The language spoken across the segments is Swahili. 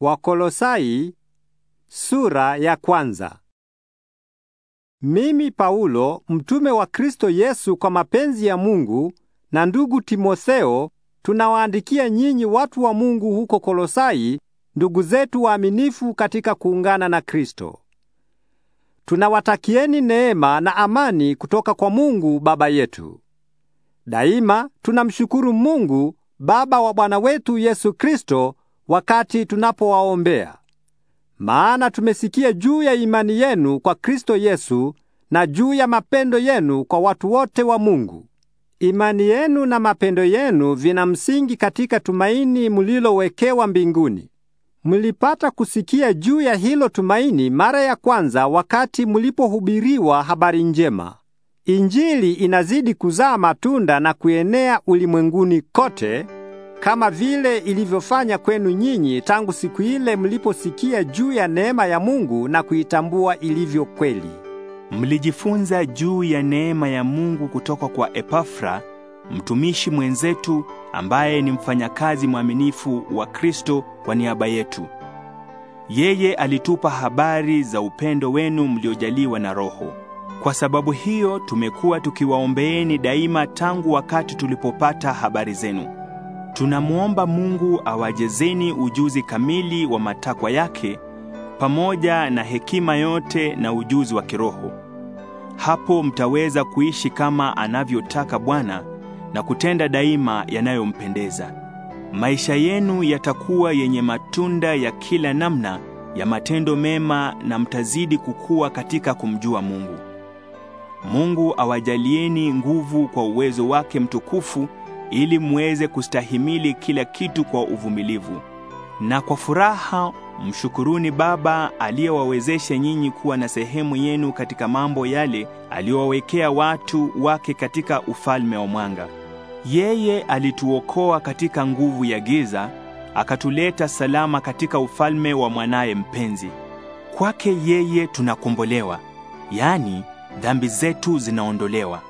Wakolosai sura ya kwanza. Mimi Paulo mtume wa Kristo Yesu kwa mapenzi ya Mungu na ndugu Timotheo tunawaandikia nyinyi watu wa Mungu huko Kolosai ndugu zetu waaminifu katika kuungana na Kristo. Tunawatakieni neema na amani kutoka kwa Mungu Baba yetu. Daima tunamshukuru Mungu Baba wa Bwana wetu Yesu Kristo wakati tunapowaombea. Maana tumesikia juu ya imani yenu kwa Kristo Yesu na juu ya mapendo yenu kwa watu wote wa Mungu. Imani yenu na mapendo yenu vina msingi katika tumaini mlilowekewa mbinguni. Mlipata kusikia juu ya hilo tumaini mara ya kwanza wakati mlipohubiriwa habari njema. Injili inazidi kuzaa matunda na kuenea ulimwenguni kote kama vile ilivyofanya kwenu nyinyi tangu siku ile mliposikia juu ya neema ya Mungu na kuitambua ilivyo kweli. Mlijifunza juu ya neema ya Mungu kutoka kwa Epafra, mtumishi mwenzetu ambaye ni mfanyakazi mwaminifu wa Kristo kwa niaba yetu. Yeye alitupa habari za upendo wenu mliojaliwa na Roho. Kwa sababu hiyo tumekuwa tukiwaombeeni daima tangu wakati tulipopata habari zenu tunamwomba Mungu awajezeni ujuzi kamili wa matakwa yake pamoja na hekima yote na ujuzi wa kiroho. Hapo mtaweza kuishi kama anavyotaka Bwana na kutenda daima yanayompendeza. Maisha yenu yatakuwa yenye matunda ya kila namna ya matendo mema na mtazidi kukua katika kumjua Mungu. Mungu awajalieni nguvu kwa uwezo wake mtukufu ili mweze kustahimili kila kitu kwa uvumilivu. Na kwa furaha mshukuruni Baba aliyewawezesha nyinyi kuwa na sehemu yenu katika mambo yale aliyowawekea watu wake katika ufalme wa mwanga. Yeye alituokoa katika nguvu ya giza, akatuleta salama katika ufalme wa mwanaye mpenzi. Kwake yeye tunakombolewa, yaani dhambi zetu zinaondolewa.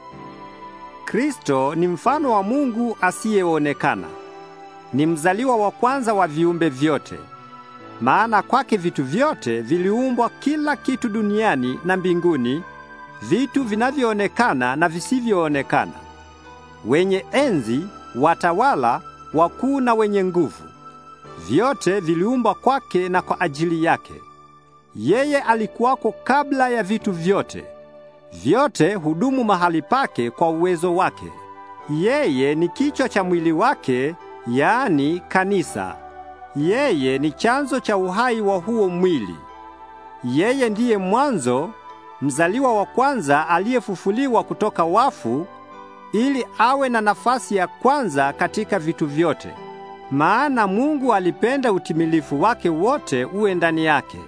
Kristo ni mfano wa Mungu asiyeonekana. Ni mzaliwa wa kwanza wa viumbe vyote. Maana kwake vitu vyote viliumbwa, kila kitu duniani na mbinguni, vitu vinavyoonekana na visivyoonekana, wenye enzi, watawala, wakuu na wenye nguvu. Vyote viliumbwa kwake na kwa ajili yake. Yeye alikuwako kabla ya vitu vyote. Vyote hudumu mahali pake kwa uwezo wake. Yeye ni kichwa cha mwili wake, yaani kanisa. Yeye ni chanzo cha uhai wa huo mwili. Yeye ndiye mwanzo, mzaliwa wa kwanza aliyefufuliwa kutoka wafu, ili awe na nafasi ya kwanza katika vitu vyote. Maana Mungu alipenda utimilifu wake wote uwe ndani yake.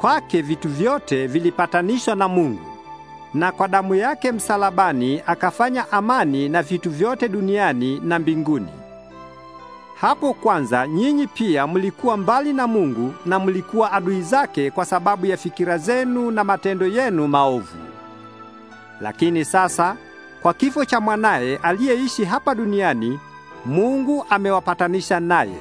Kwake vitu vyote vilipatanishwa na Mungu na kwa damu yake msalabani akafanya amani na vitu vyote duniani na mbinguni. Hapo kwanza nyinyi pia mlikuwa mbali na Mungu na mlikuwa adui zake kwa sababu ya fikira zenu na matendo yenu maovu. Lakini sasa kwa kifo cha mwanaye aliyeishi hapa duniani, Mungu amewapatanisha naye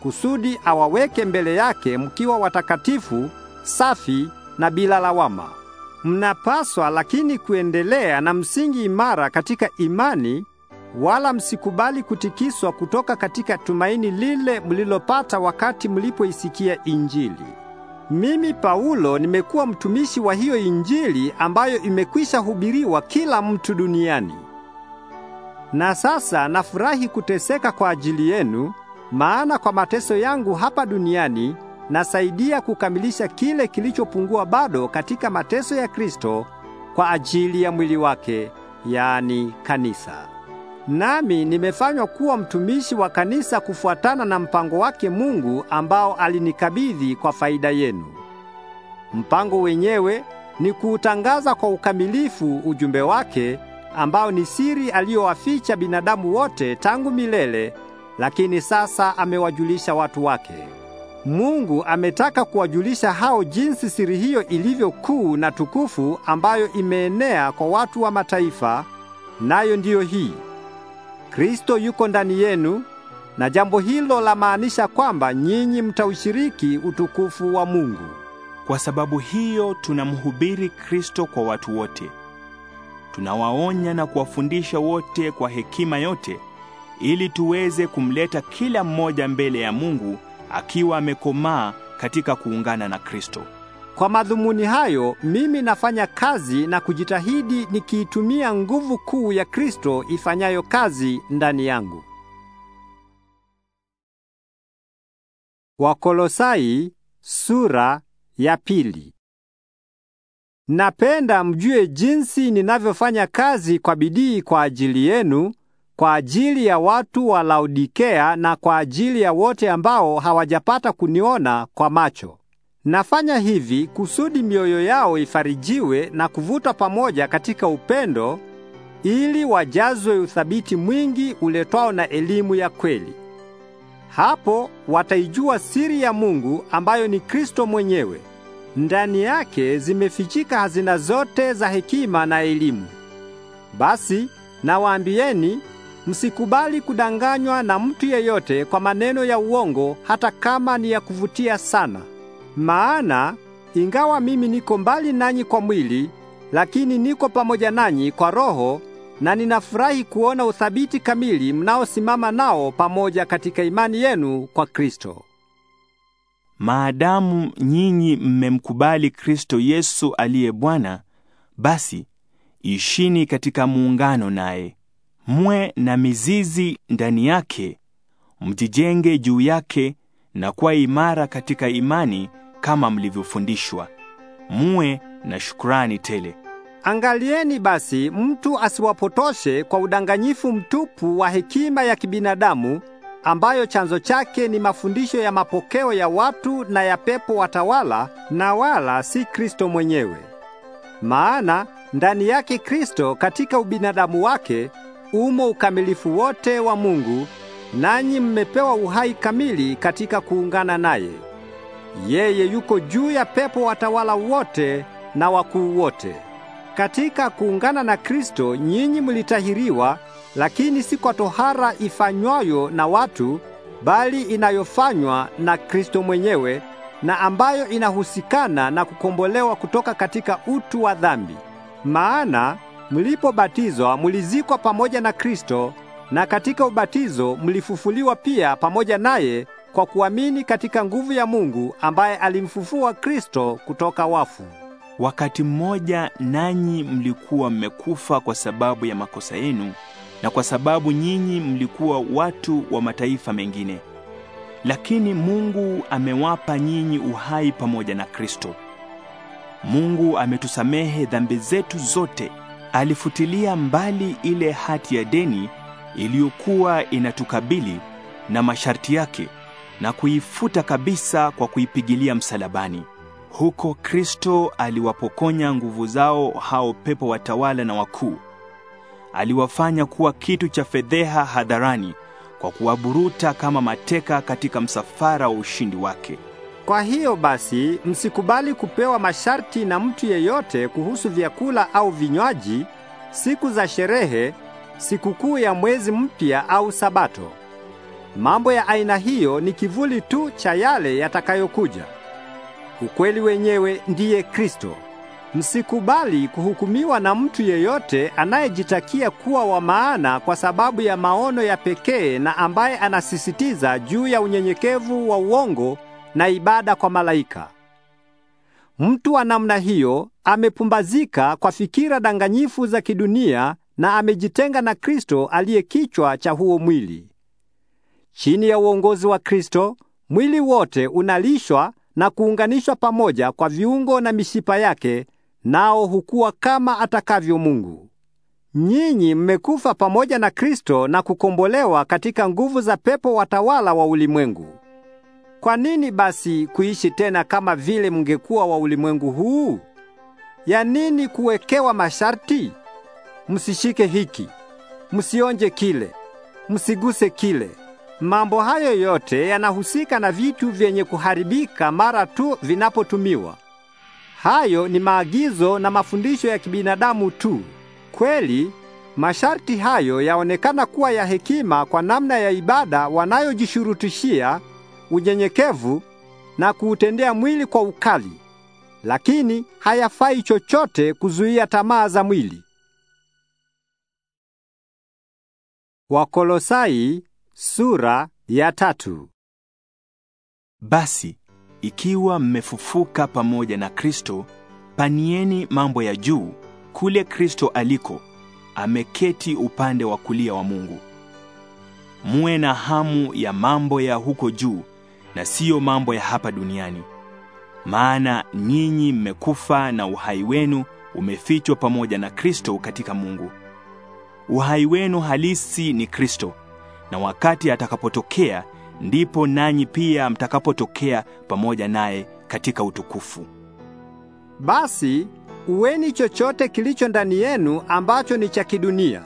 kusudi awaweke mbele yake mkiwa watakatifu, safi na bila lawama. Mnapaswa lakini kuendelea na msingi imara katika imani, wala msikubali kutikiswa kutoka katika tumaini lile mlilopata wakati mlipoisikia Injili. Mimi Paulo nimekuwa mtumishi wa hiyo Injili ambayo imekwisha hubiriwa kila mtu duniani. Na sasa nafurahi kuteseka kwa ajili yenu, maana kwa mateso yangu hapa duniani nasaidia kukamilisha kile kilichopungua bado katika mateso ya Kristo kwa ajili ya mwili wake, yaani kanisa. Nami nimefanywa kuwa mtumishi wa kanisa kufuatana na mpango wake Mungu ambao alinikabidhi kwa faida yenu. Mpango wenyewe ni kuutangaza kwa ukamilifu ujumbe wake ambao ni siri aliyowaficha binadamu wote tangu milele, lakini sasa amewajulisha watu wake. Mungu ametaka kuwajulisha hao jinsi siri hiyo ilivyo kuu na tukufu ambayo imeenea kwa watu wa mataifa, nayo ndiyo hii. Kristo yuko ndani yenu na jambo hilo lamaanisha kwamba nyinyi mtaushiriki utukufu wa Mungu. Kwa sababu hiyo tunamhubiri Kristo kwa watu wote. Tunawaonya na kuwafundisha wote kwa hekima yote ili tuweze kumleta kila mmoja mbele ya Mungu akiwa amekomaa katika kuungana na Kristo. Kwa madhumuni hayo, mimi nafanya kazi na kujitahidi nikiitumia nguvu kuu ya Kristo ifanyayo kazi ndani yangu. Wakolosai sura ya pili. Napenda mjue jinsi ninavyofanya kazi kwa bidii kwa ajili yenu kwa ajili ya watu wa Laodikea na kwa ajili ya wote ambao hawajapata kuniona kwa macho. Nafanya hivi kusudi mioyo yao ifarijiwe na kuvutwa pamoja katika upendo ili wajazwe uthabiti mwingi uletwao na elimu ya kweli. Hapo wataijua siri ya Mungu ambayo ni Kristo mwenyewe. Ndani yake zimefichika hazina zote za hekima na elimu. Basi nawaambieni Msikubali kudanganywa na mtu yeyote kwa maneno ya uongo, hata kama ni ya kuvutia sana. Maana ingawa mimi niko mbali nanyi kwa mwili, lakini niko pamoja nanyi kwa roho, na ninafurahi kuona uthabiti kamili mnaosimama nao pamoja katika imani yenu kwa Kristo. Maadamu nyinyi mmemkubali Kristo Yesu aliye Bwana, basi ishini katika muungano naye mwe na mizizi ndani yake, mjijenge juu yake na kuwa imara katika imani kama mlivyofundishwa, muwe na shukrani tele. Angalieni basi mtu asiwapotoshe kwa udanganyifu mtupu wa hekima ya kibinadamu ambayo chanzo chake ni mafundisho ya mapokeo ya watu na ya pepo watawala na wala si Kristo mwenyewe. Maana ndani yake Kristo katika ubinadamu wake umo ukamilifu wote wa Mungu, nanyi mmepewa uhai kamili katika kuungana naye. Yeye yuko juu ya pepo watawala wote na wakuu wote. Katika kuungana na Kristo nyinyi mlitahiriwa, lakini si kwa tohara ifanywayo na watu, bali inayofanywa na Kristo mwenyewe na ambayo inahusikana na kukombolewa kutoka katika utu wa dhambi. Maana mlipobatizwa mulizikwa pamoja na Kristo na katika ubatizo mlifufuliwa pia pamoja naye kwa kuamini katika nguvu ya Mungu ambaye alimfufua Kristo kutoka wafu. Wakati mmoja nanyi mlikuwa mmekufa kwa sababu ya makosa yenu na kwa sababu nyinyi mlikuwa watu wa mataifa mengine. Lakini Mungu amewapa nyinyi uhai pamoja na Kristo. Mungu ametusamehe dhambi zetu zote alifutilia mbali ile hati ya deni iliyokuwa inatukabili na masharti yake na kuifuta kabisa kwa kuipigilia msalabani. Huko Kristo aliwapokonya nguvu zao hao pepo watawala na wakuu. Aliwafanya kuwa kitu cha fedheha hadharani kwa kuwaburuta kama mateka katika msafara wa ushindi wake. Kwa hiyo basi, msikubali kupewa masharti na mtu yeyote kuhusu vyakula au vinywaji, siku za sherehe, sikukuu ya mwezi mpya au Sabato. Mambo ya aina hiyo ni kivuli tu cha yale yatakayokuja. Ukweli wenyewe ndiye Kristo. Msikubali kuhukumiwa na mtu yeyote anayejitakia kuwa wa maana kwa sababu ya maono ya pekee na ambaye anasisitiza juu ya unyenyekevu wa uongo na ibada kwa malaika. Mtu wa namna hiyo amepumbazika kwa fikira danganyifu za kidunia na amejitenga na Kristo aliye kichwa cha huo mwili. Chini ya uongozi wa Kristo, mwili wote unalishwa na kuunganishwa pamoja kwa viungo na mishipa yake, nao hukua kama atakavyo Mungu. Nyinyi mmekufa pamoja na Kristo na kukombolewa katika nguvu za pepo watawala wa ulimwengu. Kwa nini basi kuishi tena kama vile mngekuwa wa ulimwengu huu? Ya nini kuwekewa masharti? Msishike hiki, msionje kile, msiguse kile. Mambo hayo yote yanahusika na vitu vyenye kuharibika mara tu vinapotumiwa. Hayo ni maagizo na mafundisho ya kibinadamu tu. Kweli, masharti hayo yaonekana kuwa ya hekima kwa namna ya ibada wanayojishurutishia unyenyekevu na kuutendea mwili kwa ukali, lakini hayafai chochote kuzuia tamaa za mwili. Wakolosai sura ya tatu. Basi ikiwa mmefufuka pamoja na Kristo, panieni mambo ya juu kule Kristo aliko ameketi upande wa kulia wa Mungu. Muwe na hamu ya mambo ya huko juu na siyo mambo ya hapa duniani. Maana nyinyi mmekufa na uhai wenu umefichwa pamoja na Kristo katika Mungu. Uhai wenu halisi ni Kristo, na wakati atakapotokea ndipo nanyi pia mtakapotokea pamoja naye katika utukufu. Basi uweni chochote kilicho ndani yenu ambacho ni cha kidunia: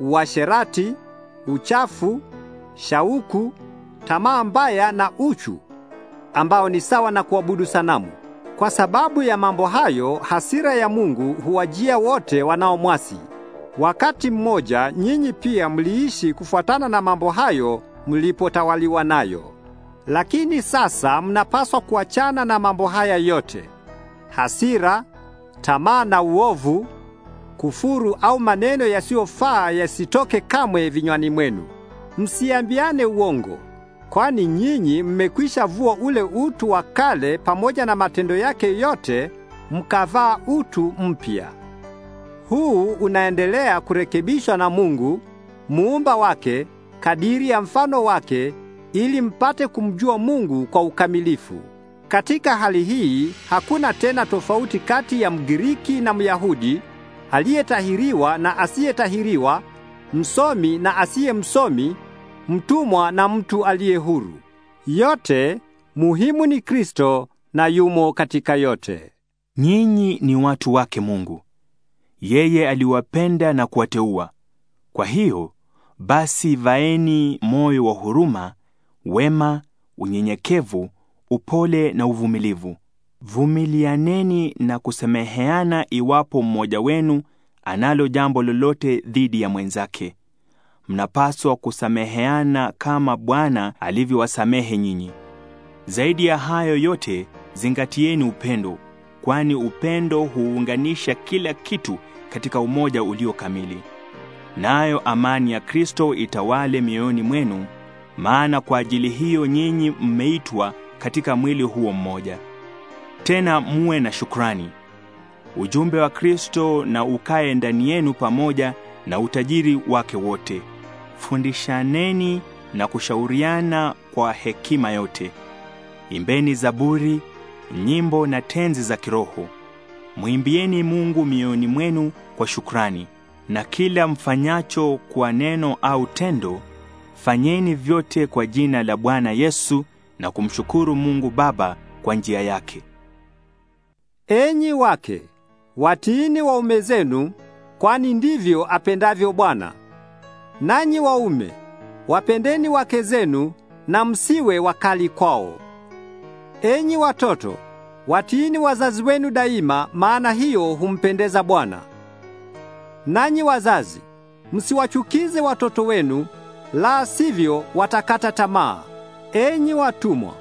uasherati, uchafu, shauku tamaa mbaya na uchu, ambao ni sawa na kuabudu sanamu. Kwa sababu ya mambo hayo, hasira ya Mungu huwajia wote wanaomwasi. Wakati mmoja nyinyi pia mliishi kufuatana na mambo hayo mlipotawaliwa nayo. Lakini sasa mnapaswa kuachana na mambo haya yote: hasira, tamaa na uovu, kufuru au maneno yasiyofaa yasitoke kamwe vinywani mwenu. Msiambiane uongo, kwani nyinyi mmekwisha vua ule utu wa kale pamoja na matendo yake yote, mkavaa utu mpya. Huu unaendelea kurekebishwa na Mungu muumba wake kadiri ya mfano wake, ili mpate kumjua Mungu kwa ukamilifu. Katika hali hii hakuna tena tofauti kati ya Mgiriki na Myahudi, aliyetahiriwa na asiyetahiriwa, msomi na asiyemsomi mtumwa na mtu aliye huru. Yote muhimu ni Kristo na yumo katika yote. Nyinyi ni watu wake Mungu. Yeye aliwapenda na kuwateua. Kwa hiyo basi vaeni moyo wa huruma, wema, unyenyekevu, upole na uvumilivu. Vumilianeni na kusameheana iwapo mmoja wenu analo jambo lolote dhidi ya mwenzake mnapaswa kusameheana kama Bwana alivyowasamehe nyinyi. Zaidi ya hayo yote, zingatieni upendo, kwani upendo huunganisha kila kitu katika umoja ulio kamili. Nayo amani ya Kristo itawale mioyoni mwenu, maana kwa ajili hiyo nyinyi mmeitwa katika mwili huo mmoja. Tena muwe na shukrani. Ujumbe wa Kristo na ukae ndani yenu pamoja na utajiri wake wote fundishaneni na kushauriana kwa hekima yote. Imbeni zaburi, nyimbo na tenzi za kiroho. Mwimbieni Mungu mioyoni mwenu kwa shukrani, na kila mfanyacho kwa neno au tendo, fanyeni vyote kwa jina la Bwana Yesu na kumshukuru Mungu Baba kwa njia yake. Enyi wake, watiini waume zenu, kwani ndivyo apendavyo Bwana. Nanyi waume, wapendeni wake zenu na msiwe wakali kwao. Enyi watoto, watiini wazazi wenu daima, maana hiyo humpendeza Bwana. Nanyi wazazi, msiwachukize watoto wenu, la sivyo watakata tamaa. Enyi watumwa,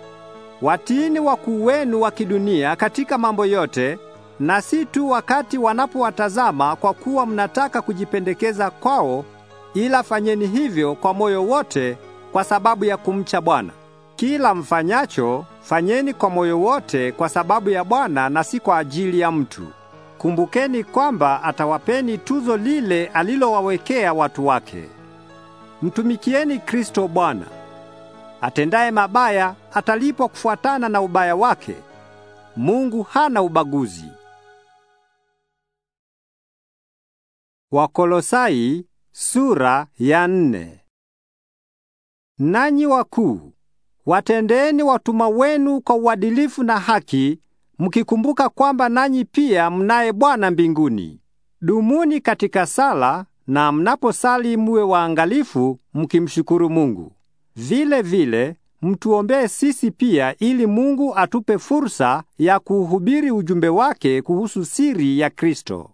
watiini wakuu wenu wa kidunia katika mambo yote, na si tu wakati wanapowatazama, kwa kuwa mnataka kujipendekeza kwao ila fanyeni hivyo kwa moyo wote kwa sababu ya kumcha Bwana. Kila mfanyacho fanyeni kwa moyo wote kwa sababu ya Bwana na si kwa ajili ya mtu. Kumbukeni kwamba atawapeni tuzo lile alilowawekea watu wake. Mtumikieni Kristo Bwana. Atendaye mabaya atalipwa kufuatana na ubaya wake. Mungu hana ubaguzi. Wakolosai sura ya nne. Nanyi wakuu, watendeni watumwa wenu kwa uadilifu na haki, mkikumbuka kwamba nanyi pia mnaye Bwana mbinguni. Dumuni katika sala na mnaposali muwe waangalifu mkimshukuru Mungu. Vile vile mtuombee sisi pia ili Mungu atupe fursa ya kuhubiri ujumbe wake kuhusu siri ya Kristo.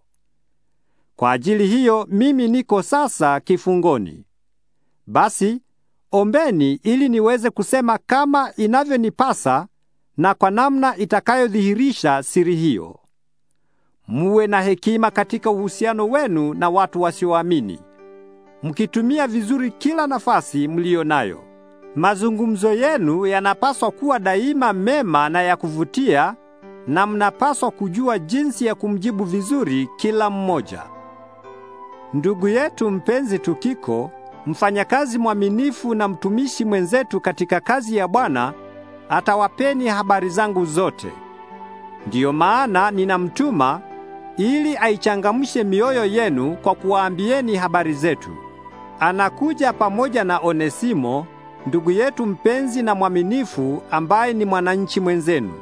Kwa ajili hiyo mimi niko sasa kifungoni. Basi ombeni ili niweze kusema kama inavyonipasa na kwa namna itakayodhihirisha siri hiyo. Muwe na hekima katika uhusiano wenu na watu wasioamini, mkitumia vizuri kila nafasi mliyo nayo. Mazungumzo yenu yanapaswa kuwa daima mema na ya kuvutia, na mnapaswa kujua jinsi ya kumjibu vizuri kila mmoja ndugu yetu mpenzi Tukiko, mfanyakazi mwaminifu na mtumishi mwenzetu katika kazi ya Bwana, atawapeni habari zangu zote. Ndiyo maana ninamtuma ili aichangamshe mioyo yenu kwa kuwaambieni habari zetu. Anakuja pamoja na Onesimo, ndugu yetu mpenzi na mwaminifu ambaye ni mwananchi mwenzenu.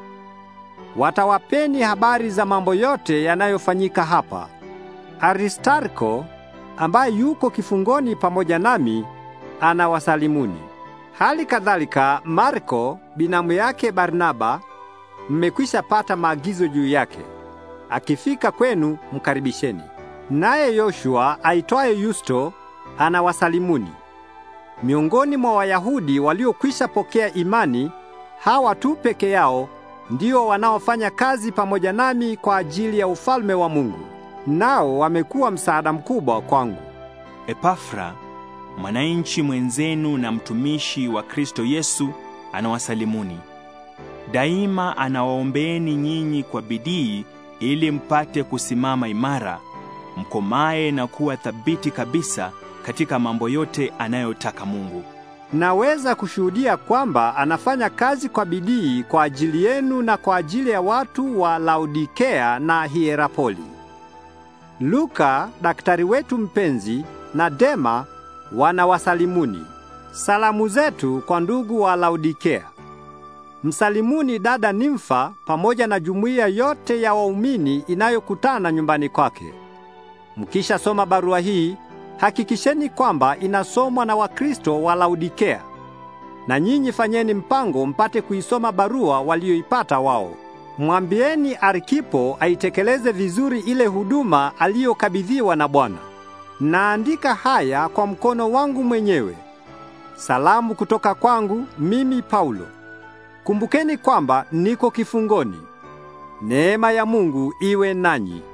Watawapeni habari za mambo yote yanayofanyika hapa. Aristarko ambaye yuko kifungoni pamoja nami anawasalimuni. Hali kadhalika Marko binamu yake Barnaba mmekwisha pata maagizo juu yake. Akifika kwenu mkaribisheni. Naye Yoshua aitwaye Yusto anawasalimuni. Miongoni mwa Wayahudi waliokwisha pokea imani, hawa tu peke yao ndio wanaofanya kazi pamoja nami kwa ajili ya ufalme wa Mungu nao wamekuwa msaada mkubwa kwangu. Epafra, mwananchi mwenzenu na mtumishi wa Kristo Yesu, anawasalimuni. Daima anawaombeeni nyinyi kwa bidii ili mpate kusimama imara, mkomae na kuwa thabiti kabisa katika mambo yote anayotaka Mungu. Naweza kushuhudia kwamba anafanya kazi kwa bidii kwa ajili yenu na kwa ajili ya watu wa Laodikea na Hierapoli. Luka daktari wetu mpenzi na Dema wanawasalimuni. Salamu zetu kwa ndugu wa Laodikea. Msalimuni dada Nimfa pamoja na jumuiya yote ya waumini inayokutana nyumbani kwake. Mkishasoma barua hii, hakikisheni kwamba inasomwa na Wakristo wa Laodikea. Na nyinyi fanyeni mpango mpate kuisoma barua walioipata wao. Mwambieni Arkipo aitekeleze vizuri ile huduma aliyokabidhiwa na Bwana. Naandika haya kwa mkono wangu mwenyewe. Salamu kutoka kwangu mimi Paulo. Kumbukeni kwamba niko kifungoni. Neema ya Mungu iwe nanyi.